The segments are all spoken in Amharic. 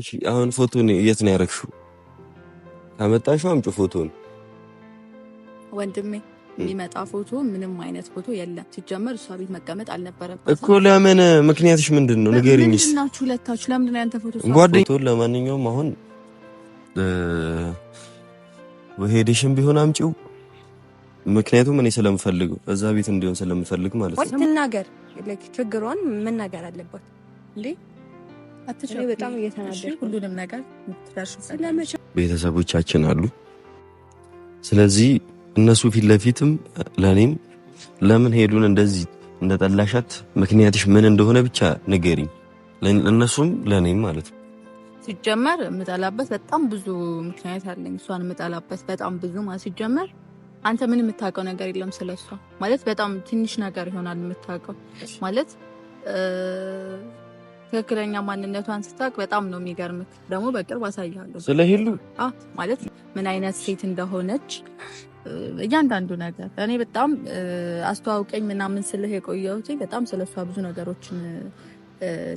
እሺ አሁን ፎቶን የት ነው ያረግሽው? ካመጣሽው አምጪው ፎቶን። ወንድሜ የሚመጣ ፎቶ ምንም አይነት ፎቶ የለም። ሲጀመር እሷ ቤት መቀመጥ አልነበረባት እኮ። ለምን ምክንያትሽ ምንድን ነው? ንገሪኝስ። ምንድናችሁ ሁለታችሁ? ለምንድን ነው ያንተ ፎቶ ጓደኛው? ለማንኛውም አሁን ሄደሽም ቢሆን አምጪው፣ ምክንያቱም እኔ ስለምፈልግ እዛ ቤት እንዲሆን ስለምፈልግ ማለት ነው። ትናገር፣ ችግሯን ነገር አለበት እንዴ ሁሉንም ነገር ቤተሰቦቻችን አሉ። ስለዚህ እነሱ ፊት ለፊትም ለእኔም ለምን ሄዱን እንደዚህ እንደጠላሻት ምክንያትሽ ምን እንደሆነ ብቻ ንገሪኝ። እነሱም ለእኔም ማለት ነው። ሲጀመር የምጠላበት በጣም ብዙ ምክንያት አለኝ። እሷን የምጠላበት በጣም ብዙ ማለት ሲጀመር አንተ ምን የምታውቀው ነገር የለም ስለ እሷ ማለት በጣም ትንሽ ነገር ይሆናል የምታውቀው ማለት ትክክለኛ ማንነቷን ስታውቅ በጣም ነው የሚገርምት ደግሞ በቅርብ አሳይሃለሁ። ስለ ሄሉ ማለት ምን አይነት ሴት እንደሆነች እያንዳንዱ ነገር እኔ በጣም አስተዋውቀኝ ምናምን ስልህ የቆየሁት በጣም ስለሷ ብዙ ነገሮችን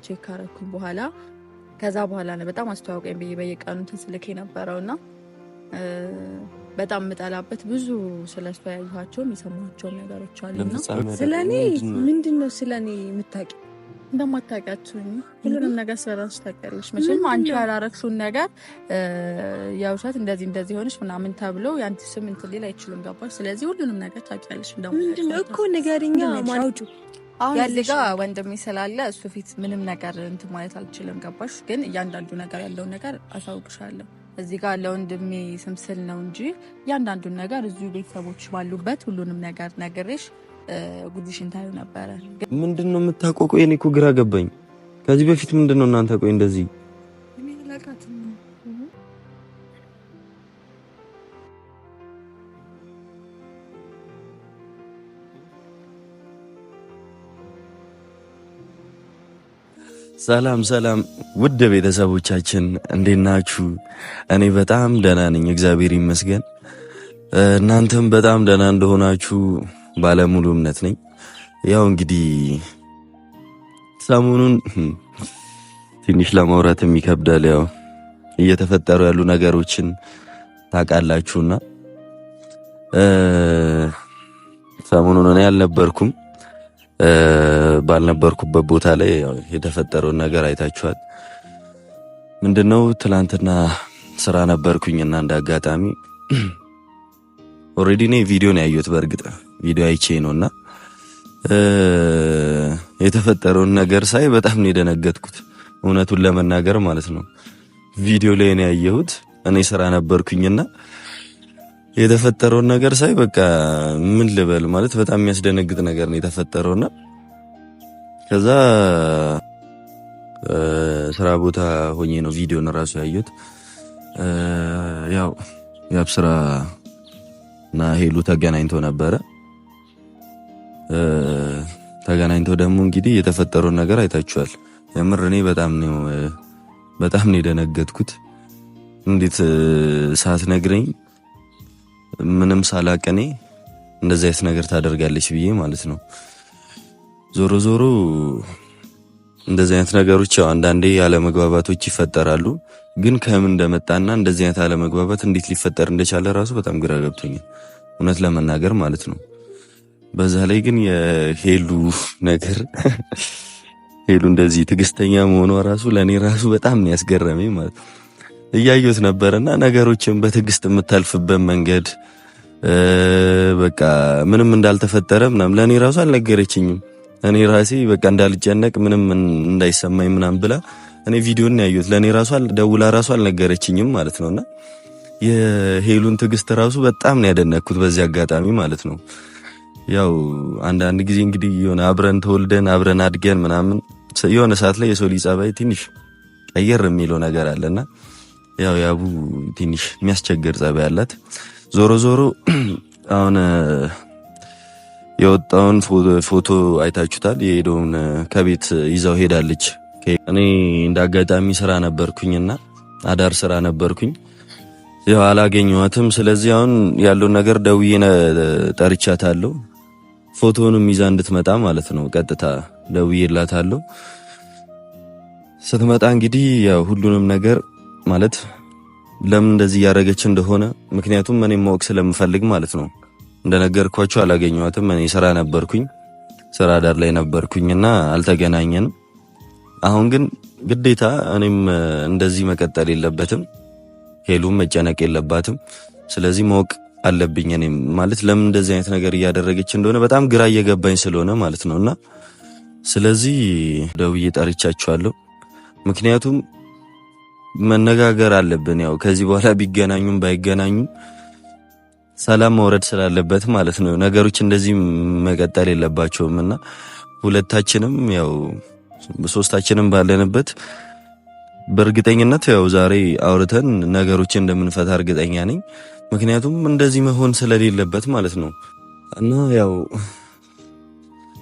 ቼክ ካረኩኝ በኋላ ከዛ በኋላ ነው በጣም አስተዋውቀኝ ብዬ በየቀኑ እንትን የነበረው እና በጣም የምጠላበት ብዙ ስለሷ ያየኋቸውም የሰማቸውም ነገሮች አሉ። ስለ ምንድን ነው ስለ እኔ የምታውቂው? እንደማታውቂያችሁኝ ሁሉንም ነገር ስለራስሽ ታውቂያለሽ። መቼም አንቺ ያላረግሽውን ነገር የውሸት እንደዚህ እንደዚህ ሆነሽ ምናምን ተብሎ የአንቺ ስም እንትን ሌላ አይችልም። ገባሽ? ስለዚህ ሁሉንም ነገር ታውቂያለሽ። እኮ ንገሪኛ ያልጋ አሁን እዚህ ወንድሜ ስላለ እሱ ፊት ምንም ነገር እንትን ማለት አልችልም። ገባሽ? ግን እያንዳንዱ ነገር ያለውን ነገር አሳውቅሻለሁ። እዚህ ጋር ለወንድሜ ስም ስል ነው እንጂ እያንዳንዱን ነገር እዚሁ ቤተሰቦች ባሉበት ሁሉንም ነገር ነግሬሽ ጉዲሽን ታዩ ነበረ። ምንድን ነው የምታቆቁ? የኔ እኮ ግራ ገባኝ። ከዚህ በፊት ምንድን ነው እናንተ ቆይ እንደዚህ ሰላም ሰላም ውድ ቤተሰቦቻችን እንዴት ናችሁ? እኔ በጣም ደህና ነኝ፣ እግዚአብሔር ይመስገን። እናንተም በጣም ደህና እንደሆናችሁ ባለሙሉ እምነት ነኝ። ያው እንግዲህ ሰሞኑን ትንሽ ለማውራትም ይከብዳል። ያው እየተፈጠሩ ያሉ ነገሮችን ታውቃላችሁና ሰሞኑን እኔ አልነበርኩም። ባልነበርኩበት ቦታ ላይ የተፈጠረውን ነገር አይታችኋል። ምንድነው ትላንትና ስራ ነበርኩኝና እንደ አጋጣሚ ኦልሬዲ እኔ ቪዲዮን ያየሁት በእርግጥ ቪዲዮ አይቼ ነው እና የተፈጠረውን ነገር ሳይ በጣም ነው የደነገጥኩት። እውነቱን ለመናገር ማለት ነው ቪዲዮ ላይ ነው ያየሁት። እኔ ስራ ነበርኩኝና የተፈጠረውን ነገር ሳይ በቃ ምን ልበል ማለት በጣም የሚያስደነግጥ ነገር ነው የተፈጠረውና ከዛ ስራ ቦታ ሆኜ ነው ቪዲዮን እራሱ ያየሁት። ያው ያብስራ እና ሄሉ ተገናኝቶ ነበረ ተገናኝተው ደግሞ እንግዲህ የተፈጠረውን ነገር አይታችኋል። የምር እኔ በጣም ነው በጣም ነው የደነገጥኩት። እንዴት ሳትነግረኝ ምንም ሳላቀኔ እንደዚህ አይነት ነገር ታደርጋለች ብዬ ማለት ነው። ዞሮ ዞሮ እንደዚህ አይነት ነገሮች ያው አንዳንዴ አለመግባባቶች ይፈጠራሉ። ግን ከምን እንደመጣና እንደዚህ አይነት አለመግባባት እንዴት ሊፈጠር እንደቻለ ራሱ በጣም ግራ ገብቶኛል፣ እውነት ለመናገር ማለት ነው። በዛ ላይ ግን የሄሉ ነገር ሄሉ እንደዚህ ትግስተኛ መሆኗ ራሱ ለእኔ ራሱ በጣም ያስገረመኝ ማለት እያየሁት ነበርና ነገሮችን በትግስት የምታልፍበት መንገድ በቃ ምንም እንዳልተፈጠረ ምናም ለእኔ ራሱ አልነገረችኝም። እኔ ራሴ በቃ እንዳልጨነቅ ምንም እንዳይሰማኝ ምናም ብላ እኔ ቪዲዮን ያየሁት ለእኔ ራሱ ደውላ ራሱ አልነገረችኝም ማለት ነውና የሄሉን ትዕግስት ራሱ በጣም ነው ያደነኩት በዚህ አጋጣሚ ማለት ነው። ያው አንዳንድ ጊዜ እንግዲህ የሆነ አብረን ተወልደን አብረን አድገን ምናምን የሆነ ሰዓት ላይ የሰው ልጅ ጸባይ ትንሽ ቀየር የሚለው ነገር አለና ያው ያቡ ትንሽ የሚያስቸግር ጸባይ አላት። ዞሮ ዞሮ አሁን የወጣውን ፎቶ አይታችሁታል። የሄደውን ከቤት ይዛው ሄዳለች። እኔ እንደ አጋጣሚ ስራ ነበርኩኝና አዳር ስራ ነበርኩኝ ያው አላገኘኋትም። ስለዚህ አሁን ያለውን ነገር ደውዬ ጠርቻታለሁ። ፎቶውንም ይዛ እንድትመጣ ማለት ነው። ቀጥታ ደውዬላታለሁ። ስትመጣ እንግዲህ ያው ሁሉንም ነገር ማለት ለምን እንደዚህ እያደረገች እንደሆነ ምክንያቱም እኔም ማወቅ ስለምፈልግ ማለት ነው። እንደነገርኳችሁ አላገኘኋትም። እኔ ስራ ነበርኩኝ፣ ስራ ዳር ላይ ነበርኩኝና አልተገናኘንም። አሁን ግን ግዴታ እኔም እንደዚህ መቀጠል የለበትም ሄሉም መጨነቅ የለባትም። ስለዚህ ማወቅ አለብኝ እኔ ማለት ለምን እንደዚህ አይነት ነገር እያደረገች እንደሆነ በጣም ግራ እየገባኝ ስለሆነ ማለት ነው። እና ስለዚህ ደውዬ ጠርቻችኋለሁ። ምክንያቱም መነጋገር አለብን። ያው ከዚህ በኋላ ቢገናኙም ባይገናኙም ሰላም መውረድ ስላለበት ማለት ነው። ነገሮች እንደዚህ መቀጠል የለባቸውም እና ሁለታችንም ያው ሶስታችንም ባለንበት በእርግጠኝነት ያው ዛሬ አውርተን ነገሮችን እንደምንፈታ እርግጠኛ ነኝ። ምክንያቱም እንደዚህ መሆን ስለሌለበት ማለት ነው። እና ያው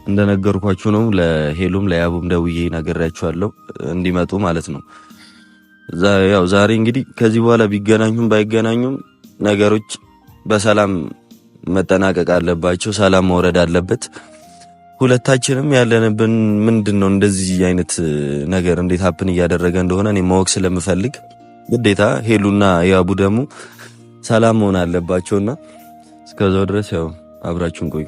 እንደነገርኳችሁ ነው። ለሄሉም ለያቡም ደውዬ ነገራችኋለሁ እንዲመጡ ማለት ነው። ያው ዛሬ እንግዲህ ከዚህ በኋላ ቢገናኙም ባይገናኙም ነገሮች በሰላም መጠናቀቅ አለባቸው። ሰላም መውረድ አለበት። ሁለታችንም ያለንብን ምንድን ነው እንደዚህ አይነት ነገር እንዴት ሀፕን እያደረገ እንደሆነ እኔ ማወቅ ስለምፈልግ ግዴታ ሄሉና ያቡ ደግሞ ሰላም መሆን አለባቸውና እስከዛው ድረስ ያው አብራችሁን ቆዩ።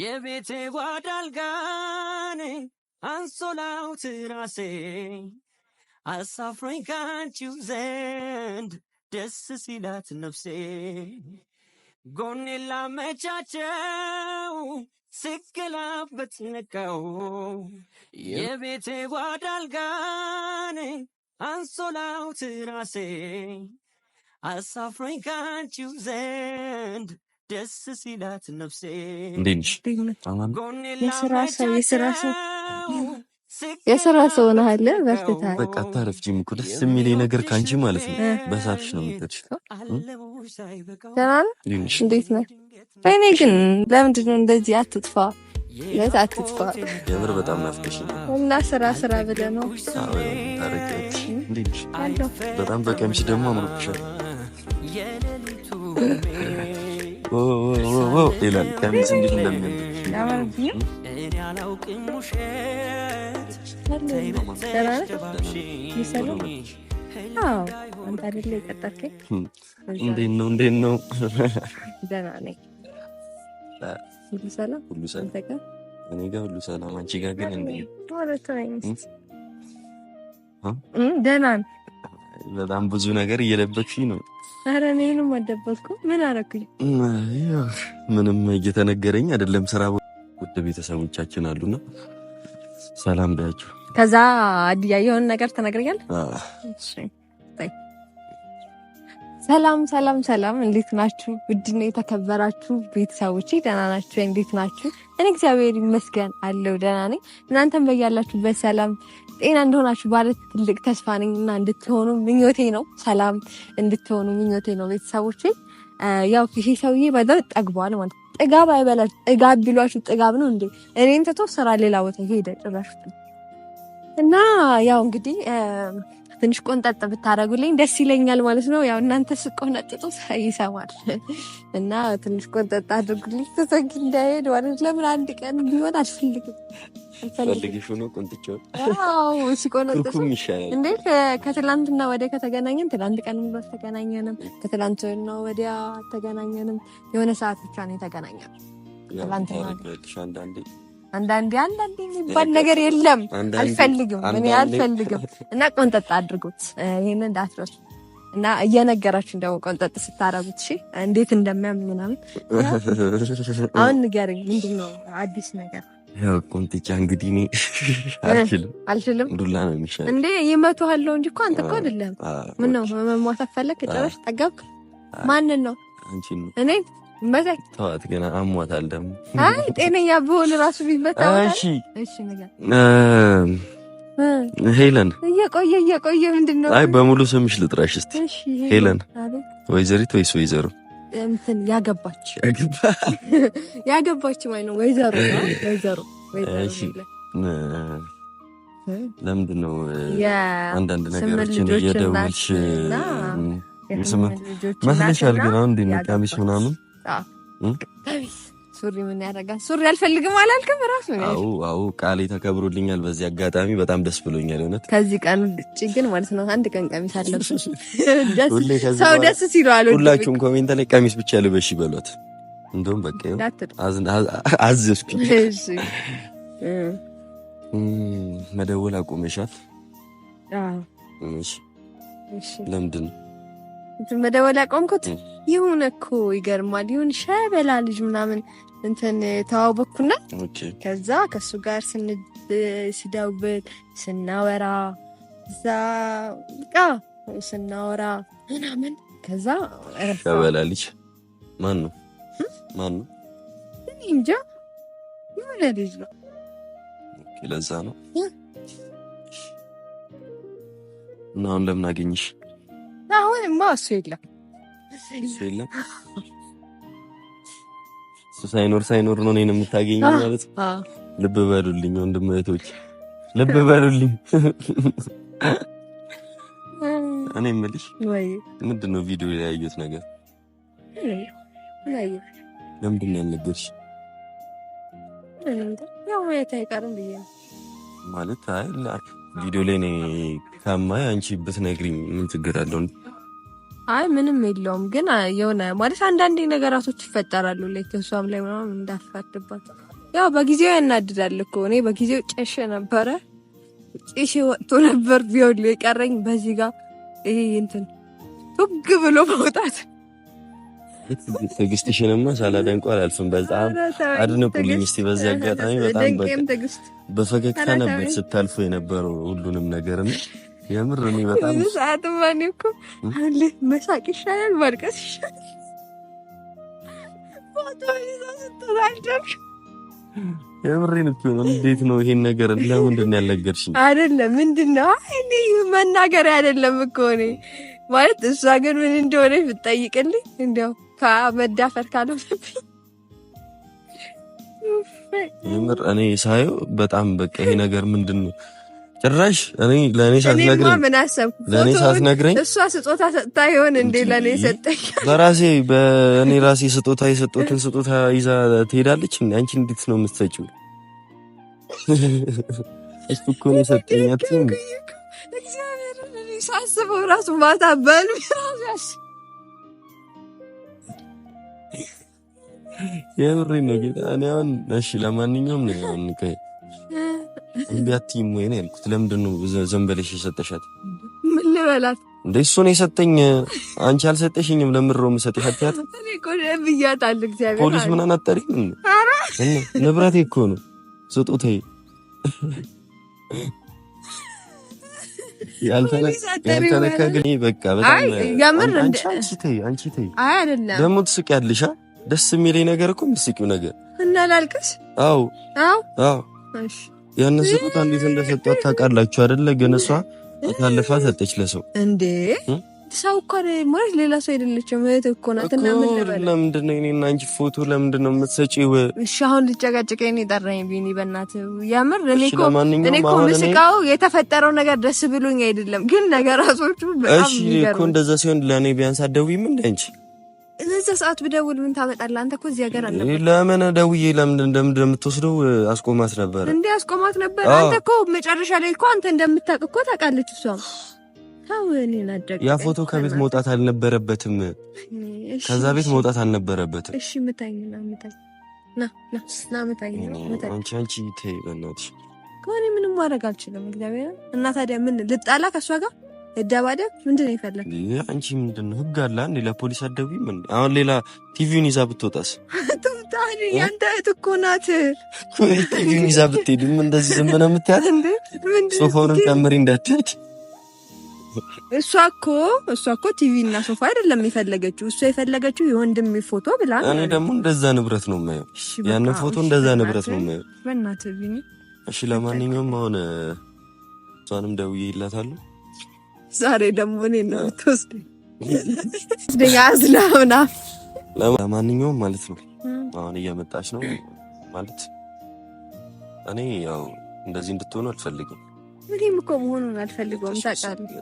የቤቴ ጓዳ አልጋኔ አንሶላው ትራሴ አሳፍሮኝ ካንቺው ዘንድ ደስ ሲላት ነፍሴ ጎኔ ላመቻቸው ስገላበት ነቃው የቤቴ ጓዳ አልጋኔ አንሶላው ትራሴ አሳፍሮኝ ካንቺው ዘንድ ደስ ሲላት ነፍሴ እንዴት የስራ ሰው የስራ ሰው የስራ ሰው ነሃለ። በርትተሃል። በቃ አታረፍጂም እኮ ደስ የሚል ነገር ከአንቺ ማለት ነው። በሳትሽ ነው የምትሄድሽ። ደህና ነህ? እንዴት ነህ? እኔ ግን ለምንድን ነው እንደዚህ አትጥፋ ለት አትጥፋ። የምር በጣም ናፍቀሽኝ እና ስራ ስራ ብለህ ነው። በጣም በቀሚስ ደግሞ አምሮብሻል። ይላል ከሚስ እንዴት እንደሚል ነው እንዴት ነው? ደህና ነኝ። ሁሉ ሰላም ሁሉ ሰላም እኔ ጋር ሁሉ ሰላም። አንቺ ጋር ግን እንዴት ደህና ነው? በጣም ብዙ ነገር እየደበቅሽኝ ነው። አረ እኔ ምንም አልደበቅኩም። ምን አረኩኝ? ምንም እየተነገረኝ አይደለም። ስራ ውድ ቤተሰቦቻችን አሉና ሰላም በያቸው። ከዛ አድያ የሆነ ነገር ተነግረኛል። ሰላም ሰላም ሰላም፣ እንዴት ናችሁ? ውድና የተከበራችሁ ቤተሰቦች ደህና ናችሁ? እንዴት ናችሁ? እኔ እግዚአብሔር ይመስገን አለው ደህና ነኝ። እናንተም በያላችሁበት ሰላም ጤና እንደሆናችሁ ማለት ትልቅ ተስፋ ነኝ እና እንድትሆኑ ምኞቴ ነው። ሰላም እንድትሆኑ ምኞቴ ነው ቤተሰቦች ያው ይሄ ሰውዬ በጣም ጠግቧል ማለት ጥጋብ አይበላችሁ ጥጋብ ቢሏችሁ ጥጋብ ነው እንዴ? እኔን ትቶ ስራ ሌላ ቦታ ሄደ ጭራሽ እና ያው እንግዲህ ትንሽ ቆንጠጥ ብታደረጉልኝ ደስ ይለኛል ማለት ነው። ያው እናንተ ስቆነጥጡ ይሰማል እና ትንሽ ቆንጠጥ አድርጉልኝ ተሰጊ እንዳይሄድ ማለት ለምን አንድ ቀን ቢሆን አልፈልግም። ከትላንትና ወዲያ ከተገናኘን ትላንት ቀን ብሎ አልተገናኘንም። ከትላንትና ወዲያ አልተገናኘንም። የሆነ ሰዓት ብቻ ነው የተገናኘን ትላንትና አንዳንዴ አንዳንዴ የሚባል ነገር የለም። አልፈልግም እኔ አልፈልግም። እና ቆንጠጥ አድርጉት፣ ይህን እንዳትረሱ እና እየነገራችሁ ደግሞ ቆንጠጥ ስታረጉት እሺ፣ እንዴት እንደሚያም ምናምን። አሁን ንገረኝ፣ ምንድን ነው አዲስ ነገር? ያው ቆንጥጫ እንግዲህ እኔ አልችልም አልችልም፣ ዱላ ነው የሚሻለው እንዴ። ይመቱሃለሁ እንጂ እኮ አንተ እኮ አይደለም። ምነው መሟታት ፈለክ? ጨረሽ ጠገብክ። ማንን ነው? እኔ ተዋት ገና አሟታል። ደግሞ አይ ጤነኛ ብሆን ራሱ ቢመጣ። እሺ እሺ፣ ነገር ሄለን እየቆየ እየቆየ ምንድን ነው? አይ በሙሉ ስምሽ ልጥራሽ እስቲ። ሄለን ወይዘሪት ወይስ ወይዘሮ? እንትን ያገባች ያገባ ያገባች ማለት ነው። ወይዘሮ ወይዘሮ። እሺ ለምንድን ነው አንዳንድ ነገሮችን እየደወልሽ? ስምንት መስለሻል ግን አሁን እንዴት ነው ቀሚስ ምናምን ሱሪ ምን ያደርጋል? ሱሪ አልፈልግም አላልክም? ራሱ አዎ፣ አዎ ቃሌ ተከብሮልኛል። በዚህ አጋጣሚ በጣም ደስ ብሎኛል። እውነት ከዚህ ቃል ውጭ ግን ማለት ነው አንድ ቀን ቀሚስ አለብሽ። ሰው ደስ ሲሉ አለ። ሁላችሁም ኮሜንት ላይ ቀሚስ ብቻ ልበሽ ይበሏት። እንደውም በቃ አዘዝኩ። መደወል አቁመሻል? ለምንድን ነው መደወል አቆምኩት? የሆነ እኮ ይገርማል። ይሁን ሸበላ ልጅ ምናምን እንትን ተዋወቅኩና ከዛ ከሱ ጋር ስደውል ስናወራ እዛ በቃ ስናወራ ምናምን ከዛ ሸበላ ልጅ ማን ነው ማን ነው? እንጃ የሆነ ልጅ ነው። ለዛ ነው እና አሁን ለምን አገኝሽ? አሁን አሁንማ እሱ የለም እሱ የለም። እሱ ሳይኖር ሳይኖር ነው እኔን የምታገኘው ማለት ነው። ልብ በሉልኝ ወንድም እህቶች፣ ልብ በሉልኝ። እኔ የምልሽ ምንድን ነው ቪዲዮ ላይ ያየሁት ነገር ለምንድን ነው ያልነገርሽ? ማለት አይ ቪዲዮ ላይ እኔ ከማይ አንቺ ብትነግሪኝ ምን ችግር አለው? አይ ምንም የለውም። ግን የሆነ ማለት አንዳንዴ ነገራቶች ይፈጠራሉ። ላይክ እሷም ላይ ምናምን እንዳፈርድባት ያው በጊዜው ያናድዳል እኮ እኔ በጊዜው ጨሸ ነበረ ጭሽ ወጥቶ ነበር። ቢሆን የቀረኝ በዚህ ጋር ይሄ እንትን ቱግ ብሎ መውጣት ትዕግስትሽንማ ሳላደንቅ አላልፍም። በጣም አድንቁልኝ እስቲ በዚህ አጋጣሚ በጣም በፈገግታ ነበር ስታልፎ የነበረው ሁሉንም ነገር ነው የምር ነው ይመጣል። ብዙ ሰዓት ማን እኮ አለ መሳቅ ይሻላል፣ ማልቀስ ይሻላል። የምሬን እኮ ነው። እንዴት ነው ይሄን ነገር ለምንድን ነው ያልነገርሽኝ? አይደለም ምንድነው? አይኔ መናገር አይደለም እኮ እኔ ማለት እሷ ግን ምን እንደሆነ ብትጠይቅልኝ እንዲያው ከመዳፈር ካለብኝ የምር እኔ ሳየው በጣም በቃ ይሄ ነገር ምንድን ነው ጭራሽ እኔ ለእኔ ሳትነግረኝ ምን አሰብኩ? ለእኔ ሳትነግረኝ እሷ ስጦታ ሰጥታ ይሆን እንዴ? ለእኔ ሰጠኝ። በራሴ በእኔ ራሴ ስጦታ የሰጡትን ስጦታ ይዛ ትሄዳለች። አንቺ እንዴት ነው የምትሰጪው? እሱ እኮ ነው የሰጠኝ። ሳስበው ራሱ ማታ በሉ ራሱ የምሬን ነው ጌታ። እኔ አሁን እሺ፣ ለማንኛውም ነው እምቢ አትይም ወይ ነው ያልኩት። ለምንድን ነው ዘንበለሽ የሰጠሻት? ምን ልበላት እንዴ? እሱን የሰጠኝ አንቺ አልሰጠሽኝም። ለምድረው የምሰጥሽ አትያት። ፖሊስ ምን አናጠሪ? ንብረቴ እኮ ነው ስጡታዬ። ያልተነካ ግን በቃ በጣም ያምር። አንቺ ተይ፣ አንቺ ተይ። አይ አይደለም ደግሞ ትስቂያለሽ። ደስ የሚለኝ ነገር እኮ የምትስቂው ነገር እና ላልቅስ። አዎ፣ አዎ፣ አዎ። እሺ ያነሰ ቦታ እንዴት እንደሰጧት ታውቃላችሁ አይደለ? ግን እሷ አሳልፋ ሰጠች ለሰው እንዴ። ሰው እኮ ማለት ሌላ ሰው አይደለችም፣ እህት እኮ ናት። እና ምን ልበል? ለምንድን ነው እኔ እና አንቺ ፎቶ ለምንድን ነው የምትሰጪው? እሺ አሁን ልጨቃጨቀኝ ነው የጠራኝ ቢኒ፣ በእናትህ የምር። እኔ እኮ እኔ እኮ ምስቃው የተፈጠረው ነገር ደስ ብሎኝ አይደለም፣ ግን ነገራቶቹ በጣም እሺ እኮ እንደዛ ሲሆን ለእኔ ቢያንስ አትደውይም እንደ አንቺ እዛ ሰዓት ብደውል ምን ታመጣለህ? አንተ እኮ እዚህ ሀገር አለበት። ለምን ደውዬ ለምን እንደምትወስደው አስቆማት ነበር እንዴ? አስቆማት ነበር። አንተ እኮ መጨረሻ ላይ እኮ አንተ እንደምታውቅ እኮ ታውቃለች እሷ። ያ ፎቶ ከቤት መውጣት አልነበረበትም። ከዛ ቤት መውጣት አልነበረበትም። እሺ ምታኝ ነው ና ና ና ምታኝ ነው አንቺ አንቺ ተይ በእናትሽ ከሆነ ምንም ማድረግ አልችልም። እግዚአብሔር እና ታዲያ ምን ልጣላ ከእሷ ጋር እደባደብ ምንድን ነው ይፈለግ? አንቺ ምንድን ነው ህግ አለ ለፖሊስ አትደውይም አሁን ሌላ ቲቪውን ይዛ ብትወጣስ? ያንተ እህት እኮ ናት። ቲቪውን ይዛ ብትሄድም እንደዚህ ዝም ነው የምትያት ሶፋውንም ጨምሪ እንዳትሄድ። እሷ እኮ እሷ እኮ ቲቪ እና ሶፋ አይደለም የፈለገችው። እሷ የፈለገችው የወንድም ፎቶ ብላ፣ እኔ ደግሞ እንደዛ ንብረት ነው የማየው። ያንን ፎቶ እንደዛ ንብረት ነው የማየው። እሺ። ለማንኛውም አሁን እሷንም ዛሬ ደግሞ እኔ ነው ትወስደኝ ለማንኛውም ማለት ነው አሁን እየመጣች ነው ማለት እኔ ያው እንደዚህ እንድትሆኑ አልፈልግም። ምንም እኮ መሆኑን አልፈልገውም ታውቃለህ።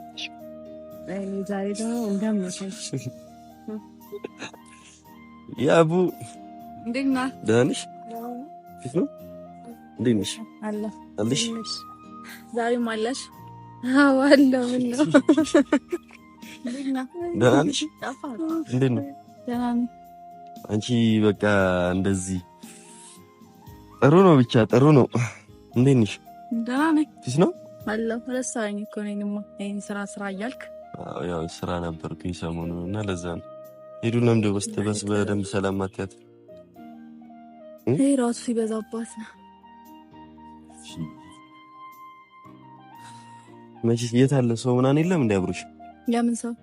ዛሬ ደግሞ እንደምታይ ያቡ እንዴት ነህ? ደህና ነሽ? ፊት ነው እንዴት ነሽ? አለሽ ዛሬም አለሽ አዋለው ነው። ደህና ነሽ? እንዴት ነው? አንቺ በቃ እንደዚህ ጥሩ ነው፣ ብቻ ጥሩ ነው። እንዴት ነሽ? ደህና ነኝ። ፊስ ነው አለው። ሁለት እኮ ነኝ። ይሄን ስራ ስራ እያልክ ያው ስራ ነበርኩኝ ሰሞኑን እና ለዛ ነው ሄዱ ለምዶ በስተበስ በደንብ ሰላም አትያት። ይሄ ራሱ ሲበዛባት። ነው መቼ የት አለ ሰው ምናምን የለም እንዴ አብሮሽ? የምን ሰው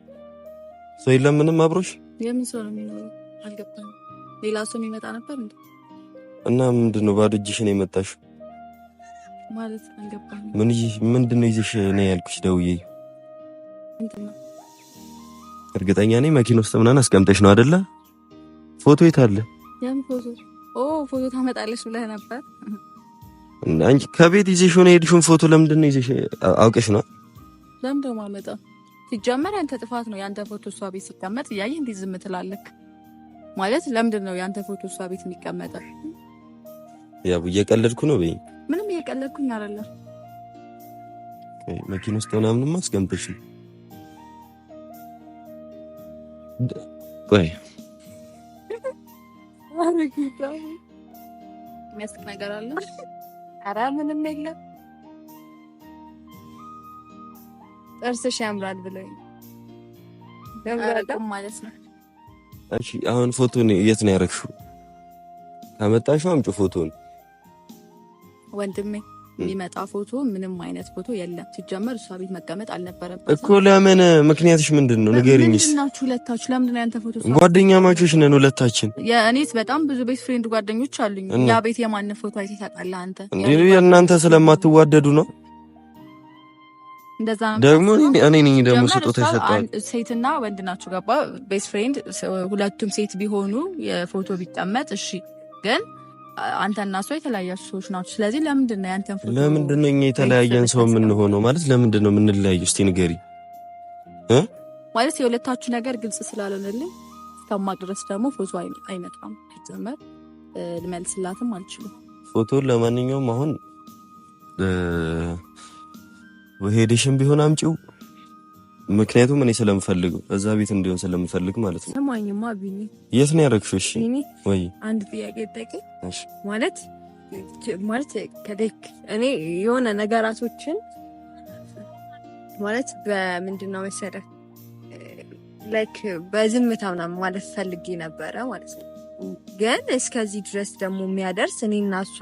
ሰው የለም ምንም አብሮሽ? የምን ሰው ነው የሚኖረው? አልገባኝም። ሌላ ሰው የሚመጣ ነበር እንዴ? እና ምንድን ነው ባዶ ነው የመጣሽ ማለት አልገባኝም። ምን ምንድን ነው ይዘሽ እኔ ያልኩሽ? ደውዬ እርግጠኛ ነኝ መኪና ውስጥ ምናምን አስቀምጠሽ ነው አይደለ? ፎቶ የት አለ? ፎቶ ኦ ፎቶ ታመጣለሽ ብለህ ነበር አንቺ ከቤት ይዘሽ ሆነ የሄድሽውን ፎቶ ለምንድን ነው ይዘሽ? አውቀሽ ነው ለምን ነው የማመጣው? ሲጀመር ያንተ ጥፋት ነው። ያንተ ፎቶ እሷ ቤት ሲቀመጥ እያየህ እንዴት ዝም ትላለህ? ማለት ለምንድን ነው ያንተ ፎቶ እሷ ቤት የሚቀመጠው? ያው እየቀለድኩ ነው በይ። ምንም እየቀለድኩኝ አይደለም። መኪና ውስጥ ምናምንማ አስገምተሽ ነው ወይ? የሚያስቅ ነገር አለ ኧረ ምንም የለም። ጥርስሽ ያምራል ብለኝ ማለት ነው። እሺ አሁን ፎቶን የት ነው ያደረግሽው? ከመጣሽው አምጪው ፎቶን ወንድሜ የሚመጣ ፎቶ ምንም አይነት ፎቶ የለም። ሲጀመር እሷ ቤት መቀመጥ አልነበረም እኮ። ለምን ምክንያትሽ ምንድን ነው ንገሪኝ። ናችሁ ሁለታችሁ ለምንድን ነው ያንተ ፎቶ? ጓደኛ ማቾች ነን ሁለታችን። የእኔት በጣም ብዙ ቤት ፍሬንድ ጓደኞች አሉኝ። ያ ቤት የማን ፎቶ አይተህ ታውቃለህ አንተ? እናንተ ስለማትዋደዱ ነው። እንደዛ ደግሞ እኔ ነኝ ደግሞ ስጦታ ይሰጣል። ሴትና ወንድ ናቸው ገባ። ቤስት ፍሬንድ ሁለቱም ሴት ቢሆኑ የፎቶ ቢቀመጥ እሺ ግን አንተ እና እሷ የተለያያችሁ ሰዎች ናቸው። ስለዚህ ለምንድን ነው ያንተን ፎቶ ለምንድን ነው እኛ የተለያየን ሰው የምንሆነው? ማለት ለምንድን ነው የምንለያየው? እስቲ ንገሪኝ። ማለት የሁለታችሁ ነገር ግልጽ ስላልሆነልኝ እስከማ ድረስ ደግሞ ፎቶ አይመጣም። ጀመር ልመልስላትም አልችልም። ፎቶ ለማንኛውም አሁን ሄደሽም ቢሆን አምጪው ምክንያቱም እኔ ስለምፈልግ እዛ ቤት እንዲሆን ስለምፈልግ ማለት ነው። ሰማኝማ ቢኒ፣ የት ነው ያደረግሽው? እሺ ወይ አንድ ጥያቄ ጠቂ እሺ ማለት ማለት ከደክ እኔ የሆነ ነገራቶችን ማለት በምንድን ነው መሰለህ ላይክ በዝምታ ምናምን ማለት ፈልጌ ነበረ ማለት ነው። ግን እስከዚህ ድረስ ደግሞ የሚያደርስ እኔ እና እሷ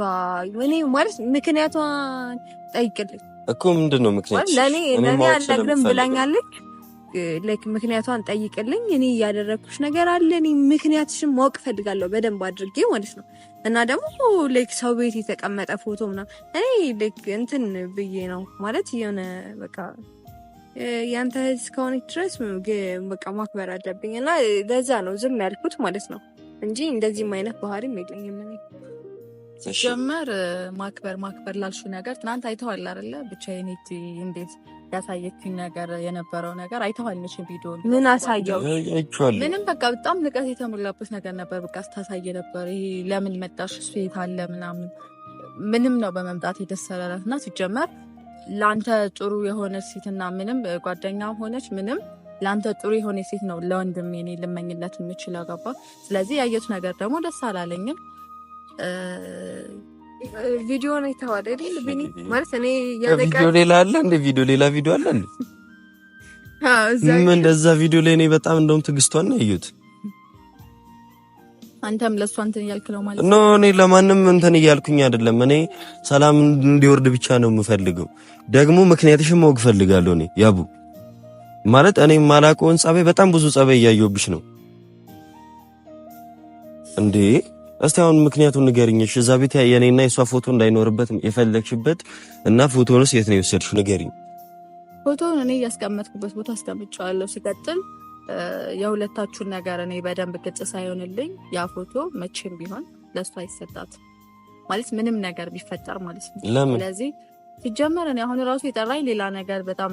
እኔ ማለት ምክንያቷን ጠይቅልኝ እኮ ምንድን ነው ምክንያት ለእኔ አልነግርም ብላኛለች። ምክንያቷን ጠይቅልኝ። እኔ እያደረግኩሽ ነገር አለ። እኔ ምክንያትሽን ማወቅ እፈልጋለሁ በደንብ አድርጌ ማለት ነው። እና ደግሞ ላይክ ሰው ቤት የተቀመጠ ፎቶ ምናምን እኔ ላይክ እንትን ብዬ ነው ማለት የሆነ በቃ ያንተ እስከሆነች ድረስ በቃ ማክበር አለብኝ እና ለዛ ነው ዝም ያልኩት ማለት ነው እንጂ እንደዚህም አይነት ባህሪም የለኝም። ሲጀመር ማክበር ማክበር ላልሹ ነገር ትናንት አይተዋል አይደለ? ብቻዬን ሂድ እንዴት ያሳየችኝ ነገር የነበረው ነገር አይተዋል። መች ቪዲዮ ምን አሳየው? ምንም በቃ በጣም ንቀት የተሞላበት ነገር ነበር። በቃ ስታሳየ ነበር ይሄ ለምን መጣሽ እሱ የት አለ ምናምን ምንም ነው በመምጣት የደሰረላት እና ሲጀመር ለአንተ ጥሩ የሆነ ሴትና ምንም ጓደኛ ሆነች ምንም ለአንተ ጥሩ የሆነ ሴት ነው ለወንድም እኔ ልመኝለት የምችለው ገባ። ስለዚህ ያየሁት ነገር ደግሞ ደስ አላለኝም። ቪዲዮ ነው የተዋለ አይደል? ቢኒ ማለት እኔ ቪዲዮ ሌላ አለ እንደ ቪዲዮ ሌላ ቪዲዮ አለ እንደ እንደዛ ቪዲዮ ላይ እኔ በጣም እንደውም ትግስቷን ነው ያየሁት። አንተም ለእሷ እንትን እያልክ ነው ማለት ነው። እኔ ለማንም እንትን እያልኩኝ አይደለም። እኔ ሰላም እንዲወርድ ብቻ ነው የምፈልገው። ደግሞ ምክንያትሽን ማወቅ እፈልጋለሁ። እኔ ያቡ ማለት እኔ የማላውቀውን ጸባይ፣ በጣም ብዙ ጸባይ እያየሁብሽ ነው እንዴ እስቲ አሁን ምክንያቱን ንገሪኝሽ። እዛ ቤት የኔና የሷ ፎቶ እንዳይኖርበት የፈለግሽበት እና ፎቶንስ የት ነው የወሰድሽው? ንገሪኝ። ፎቶን እኔ እያስቀመጥኩበት ቦታ አስቀምጫዋለሁ። ሲቀጥል የሁለታችሁን ነገር እኔ በደንብ ግልጽ ሳይሆንልኝ ያ ፎቶ መቼም ቢሆን ለእሱ አይሰጣት ማለት ምንም ነገር ቢፈጠር ማለት ነው። ለምን ስለዚህ ሲጀመር እኔ አሁን ራሱ የጠራኝ ሌላ ነገር በጣም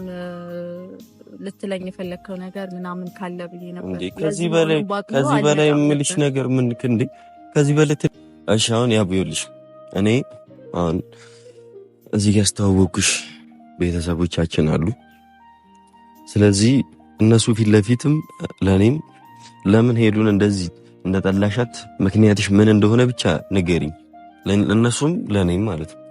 ልትለኝ የፈለግከው ነገር ምናምን ካለ ብዬ ነበር። ከዚህ በላይ ከዚህ በላይ የምልሽ ነገር ምን ከዚህ በለት እሺ፣ አሁን እኔ አሁን እዚህ ያስተዋወቅኩሽ ቤተሰቦቻችን አሉ። ስለዚህ እነሱ ፊት ለፊትም ለኔም ለምን ሄዱን እንደዚህ እንደጠላሻት ምክንያትሽ ምን እንደሆነ ብቻ ንገሪኝ፣ ለእነሱም ለእኔም ማለት ነው።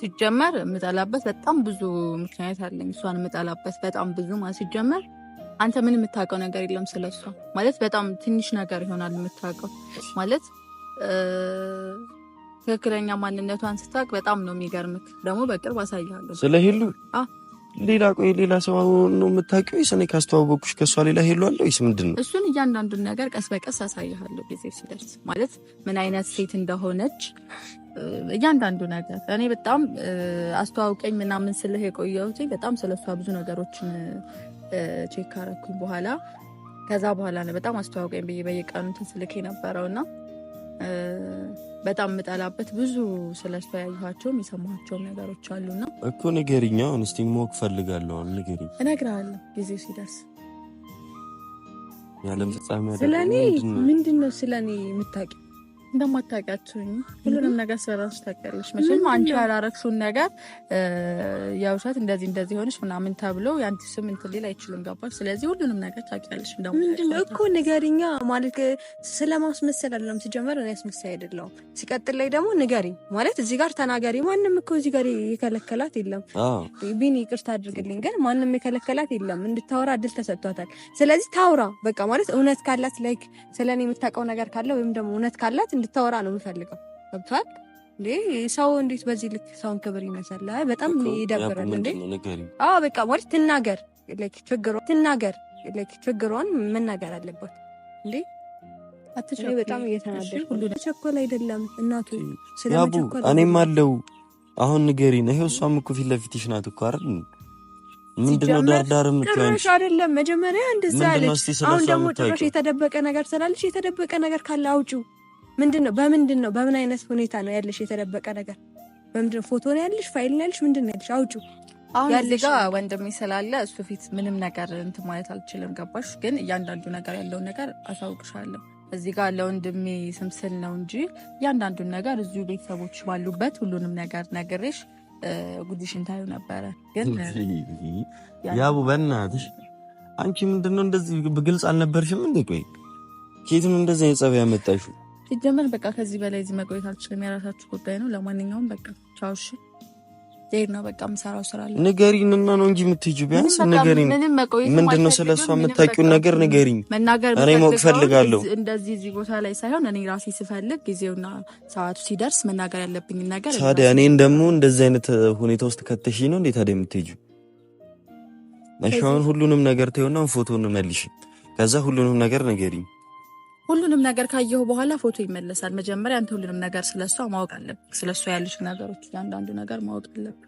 ሲጀመር የምጠላበት በጣም ብዙ ምክንያት አለኝ። እሷን የምጠላበት በጣም ብዙ ሲጀመር አንተ ምን የምታውቀው ነገር የለም ስለሷ። ማለት በጣም ትንሽ ነገር ይሆናል የምታውቀው ማለት ትክክለኛ ማንነቷን ስታውቅ በጣም ነው የሚገርምክ። ደግሞ በቅርብ አሳይሃለሁ ስለ ሄሉ ሌላ ቆይ ሌላ ሰው ነው የምታውቂው ወይስ እኔ ካስተዋወቅኩሽ ከእሷ ሌላ ሄሉ አለ ወይስ ምንድን ነው? እሱን እያንዳንዱን ነገር ቀስ በቀስ አሳይሃለሁ ጊዜ ሲደርስ፣ ማለት ምን አይነት ሴት እንደሆነች እያንዳንዱ ነገር። እኔ በጣም አስተዋውቀኝ ምናምን ስልህ የቆየሁት በጣም ስለሷ ብዙ ነገሮችን ቼክ ካረኩኝ በኋላ ከዛ በኋላ ነው በጣም አስተዋውቀኝ ብዬ በየቀኑ እንትን ስልክ የነበረው እና በጣም የምጠላበት ብዙ ስለስተያዩኋቸውም የሰማኋቸውም ነገሮች አሉ አሉና እኮ ንገሪኝ። አሁን እስኪ ፈልጋለሁ። እፈልጋለሁ። አሁን ንገሪኝ፣ እነግርሃለሁ ጊዜው ሲደርስ። ያለም ፍጻሜ ስለ እኔ ምንድን ነው ስለ እኔ የምታውቂው? እንደማታውቂያችሁኝ ሁሉንም ነገር ስለራሱ ታውቂያለሽ። መቼም አንቺ ያላረግሽውን ነገር የውሸት እንደዚህ እንደዚህ ሆነሽ ምናምን ተብሎ የአንቺ ስም እንትን ሊል አይችልም። ገባሽ? ስለዚህ ሁሉንም ነገር ታውቂያለሽ። ምንድነው እኮ ንገሪኛ ማለት ስለማስመሰል አይደለም። ሲጀመር እኔ አስመሳይ አይደለሁም። ሲቀጥል ላይ ደግሞ ንገሪ ማለት እዚህ ጋር ተናገሪ። ማንም እኮ እዚህ ጋር የከለከላት የለም። ቢኒ ይቅርታ አድርግልኝ፣ ግን ማንም የከለከላት የለም። እንድታወራ እድል ተሰጥቷታል። ስለዚህ ታውራ በቃ ማለት እውነት ካላት ላይክ ስለኔ የምታውቀው ነገር ካለ ወይም ደግሞ እውነት ካላት እንድታወራ ነው የምፈልገው። ገብቷል እንዴ? ሰው እንዴት በዚህ ልክ ሰውን ክብር ይመስላል? በጣም ይደብራል። እንዴ አዎ፣ በቃ ማለት ትናገር፣ ችግሯን ትናገር፣ ችግሮን መናገር አለበት እንዴ በጣም እየተናደድኩ ቸኮል አይደለም እናቱ ስለመቸኮል እኔም አለው አሁን ንገሪን። ይሄው እሷም እኮ ፊት ለፊትሽ ናት እኮ አይደል? ምንድነው ዳርዳር የምትሆንሽ አይደለም። መጀመሪያ እንደዛ አለች። አሁን ደግሞ ጭራሽ የተደበቀ ነገር ስላለች የተደበቀ ነገር ካለ አውጪው ምንድን ነው? በምንድን ነው? በምን አይነት ሁኔታ ነው ያለሽ? የተደበቀ ነገር በምንድን ነው? ፎቶ ነው ያለሽ? ፋይል ነው ያለሽ? ምንድን ነው ያለሽ? አውጪው። አሁን እዚህ ጋ ወንድሜ ስላለ እሱ ፊት ምንም ነገር እንትን ማለት አልችልም። ገባሽ? ግን እያንዳንዱ ነገር ያለውን ነገር አሳውቅሻለሁ። እዚህ ጋር ለወንድሜ ስም ስል ነው እንጂ እያንዳንዱን ነገር እዚሁ ቤተሰቦች ባሉበት ሁሉንም ነገር ነግሬሽ ጉዲሽን ታዩ ነበረ። ግን ያቡ በእናትሽ አንቺ ምንድነው እንደዚህ ግልጽ አልነበርሽም እንዴ? ቆይ ኬትም እንደዚህ የጸበ ያመጣሽው ሲጀመር በቃ ከዚህ በላይ እዚህ መቆየት አልችልም። የራሳችሁ ጉዳይ ነው። ለማንኛውም በቃ ቻውሽ እሺ ነው። በቃ የምሰራው ስራ አለ። ንገሪንና ነው እንጂ የምትሄጂው። ቢያንስ ንገሪን። ምንድን ነው ስለሷ የምታውቂውን ነገር ንገሪኝ። እኔ ማወቅ እፈልጋለሁ። እንደዚህ እዚህ ቦታ ላይ ሳይሆን እኔ ራሴ ስፈልግ ጊዜውና ሰዓቱ ሲደርስ መናገር ያለብኝ ነገር። ታዲያ እኔን ደግሞ እንደዚህ አይነት ሁኔታ ውስጥ ከተሽኝ ነው እንዴ ታዲያ የምትሄጂው? እሺ ሁሉንም ነገር ተይውና ፎቶን መልሽ፣ ከዛ ሁሉንም ነገር ንገሪኝ። ሁሉንም ነገር ካየሁ በኋላ ፎቶ ይመለሳል። መጀመሪያ አንተ ሁሉንም ነገር ስለሷ ማወቅ አለብህ። ስለሷ ያሉት ነገሮች እያንዳንዱ ነገር ማወቅ አለብህ።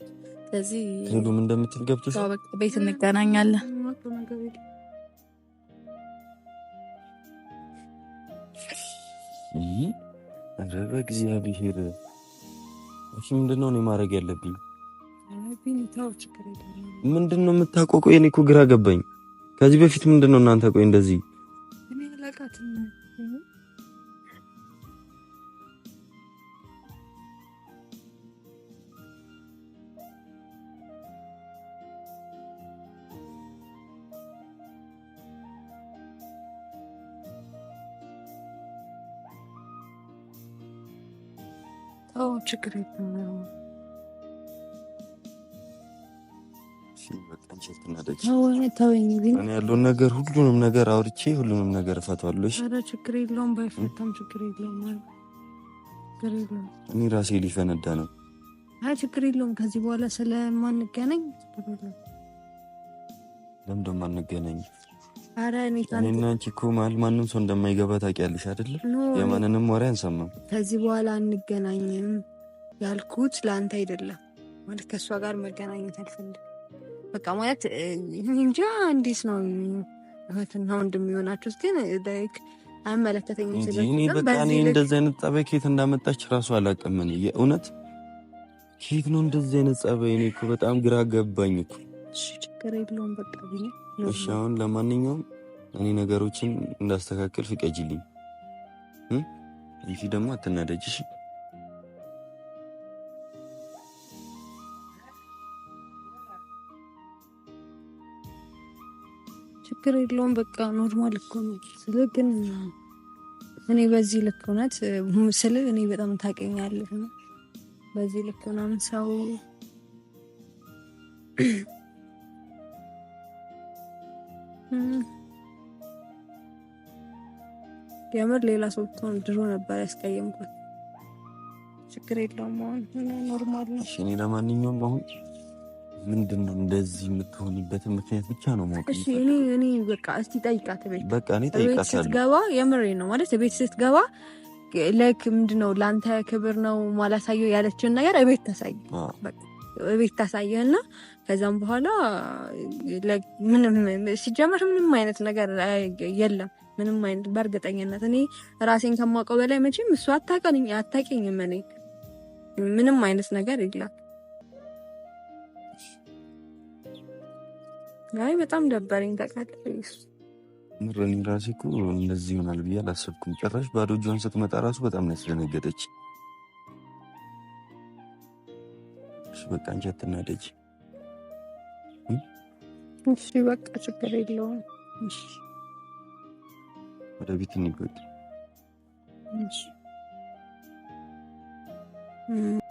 ስለዚህ ሁሉም እንደምትል ገብቶ ቤት እንገናኛለን። ኧረ በእግዚአብሔር እሺ፣ ምንድን ነው እኔ ማድረግ ያለብኝ? ምንድን ነው የምታቆቆ? እኔ እኮ ግራ ገባኝ። ከዚህ በፊት ምንድን ነው እናንተ ቆይ እንደዚህ ችግር የለም። ያለውን ነገር ሁሉንም ነገር አውርቼ ሁሉንም ነገር እፈታዋለሁ። ችግር የለውም፣ ባይፈታም ችግር የለውም። እኔ ራሴ ሊፈነዳ ነው። አይ ችግር የለውም። ከዚህ በኋላ ስለማንገናኝ ለምን እንደማንገናኝ እኔና አንቺ እኮ መሀል ማንም ሰው እንደማይገባ ታውቂያለሽ አይደለም? የማንንም ወሬ አንሰማም። ከዚህ በኋላ አንገናኝም። ያልኩት ለአንተ አይደለም ማለት ከእሷ ጋር መገናኘት አልፈልግም። በቃ ማለት እንጃ እንዴት ነው እህትና ወንድም የሆናችሁት? ግን ላይክ አይመለከተኝም። ስለበጣኔ እንደዚህ አይነት ጸባይ ከየት እንዳመጣች ራሱ አላውቅም። የእውነት ከየት ነው እንደዚህ አይነት ጸባይ? እኔ እኮ በጣም ግራ ገባኝ እኮ። ችግር የለውም በቃ እሺ። አሁን ለማንኛውም እኔ ነገሮችን እንዳስተካከል ፍቀጅልኝ። ይፊ ደግሞ አትናደጅሽ ችግር የለውም በቃ ኖርማል እኮ ነው ስለ ግን እኔ በዚህ ልክ እውነት ስል እኔ በጣም ታውቀኛለህ ነው በዚህ ልክ ምናምን ሰው የምር ሌላ ሰው ብትሆን ድሮ ነበር ያስቀየምኩት። ችግር የለውም አሁን ኖርማል ነው። እኔ ለማንኛውም አሁን ምንድን ነው እንደዚህ የምትሆንበትን ምክንያት ብቻ ነው ማወቅ። እሺ እኔ እኔ በቃ እስቲ ጠይቃት ቤት በቃ እኔ ጠይቃት ስትገባ የምሬ ነው ማለት ቤት ስትገባ ላይክ ምንድን ነው ለአንተ ክብር ነው ማላሳየው ያለችን ነገር እቤት ታሳይ ታሳየህና ከዛም በኋላ ምንም ሲጀመር ምንም አይነት ነገር የለም። ምንም አይነት በእርግጠኝነት እኔ ራሴን ከማውቀው በላይ መቼም እሱ አታቀኝ አታቂኝ ምንም አይነት ነገር የለም። አይ በጣም ደበረኝ። ታውቃለህ ምር ራሴ እኮ እንደዚህ ይሆናል ብዬ አላሰብኩም። ጭራሽ ባዶ እጇን ስትመጣ ራሱ በጣም ነው ያስደነገጠች። በቃ አንቺ አትናደጅ እሺ? በቃ ችግር የለውም እሺ። ወደ ቤት እንሂድ እሺ።